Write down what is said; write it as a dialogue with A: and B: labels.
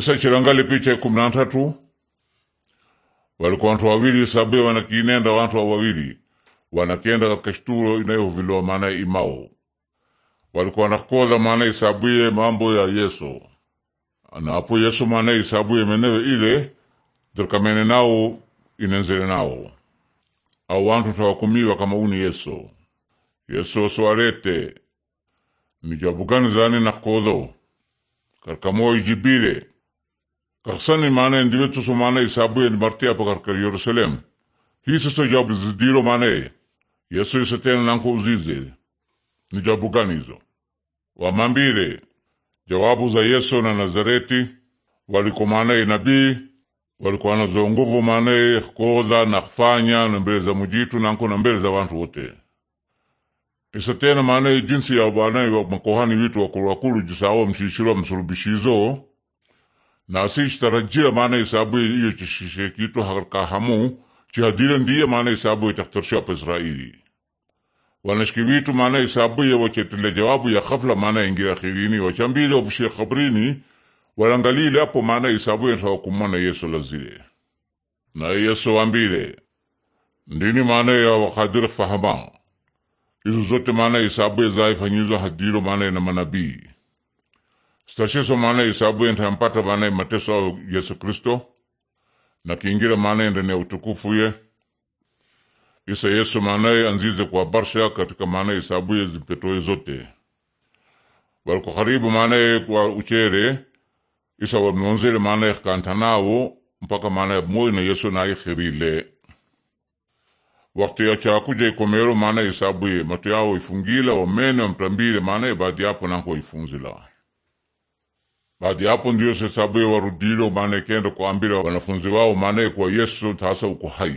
A: chirangali picha ikumi na ntatu walikuwa wantu wawili sabi wanakinenda wantu wawili wanakienda katika shitulo inayohuvilwa maana imao walikuwa wanakola maana isabuye mambo ya Yesu na apo Yesu maana isabuye menewe ile dirikamene nao inenzele nao au wantu tawakumiwa kama uni Yesu Yesu aswarete nijabu gani zani nakolo karikamoijibile kakisani mane ndivetuso tuso mane isabu en martia pakar kar Yerusalem. Hiso so zidiro mane. Yesu iso tena nanko uzize. Ni jabu gani hizo? Wamambile. Jawabu za Yesu na Nazareti waliko mane nabii walikuwa nazo nguvu mane kodha na kufanya na mbele za mujitu nanku na mbele za wantu wote. Isa tena mane jinsi ya mane wa makohani witu wakulu wakulu jisao mshishiro msurubishizo nasiistarajia maana isabu iyo chishisekitu hakarkahamu chihadira ndiye maana isabu itaktarshoapa israili wanashkiwitu maana isabu ya wachetile jawabu ya khafla maana khirini wachambile ofishia khabrini walangalile apo maana isabu yatawakumana yesu lazile na yesu wambile ndini maana ya wakadira fahama izo zote maana isabu ya zaifanyizo hadiro maana na manabii Sashiso maana isabu enta ampata maana mateso au Yesu Kristo na kiingira maana ndani ya utukufu ye isa Yesu maana anzize kwa barsha katika maana isabu ye zote waliko karibu maana kwa uchere isa wamionzele maana kantanao mpaka maana moyo na Yesu naye khirile wakati ya chakuja ikomero maana isabuye ye matu yao ifungila wamene wamtambile maana baadhi yapo nanko ifunzila Baadi yapo ndiyo sesabu ye warudilo maana ikenda kuambila wanafunzi wao maana kuwa Yesu tasa uko hai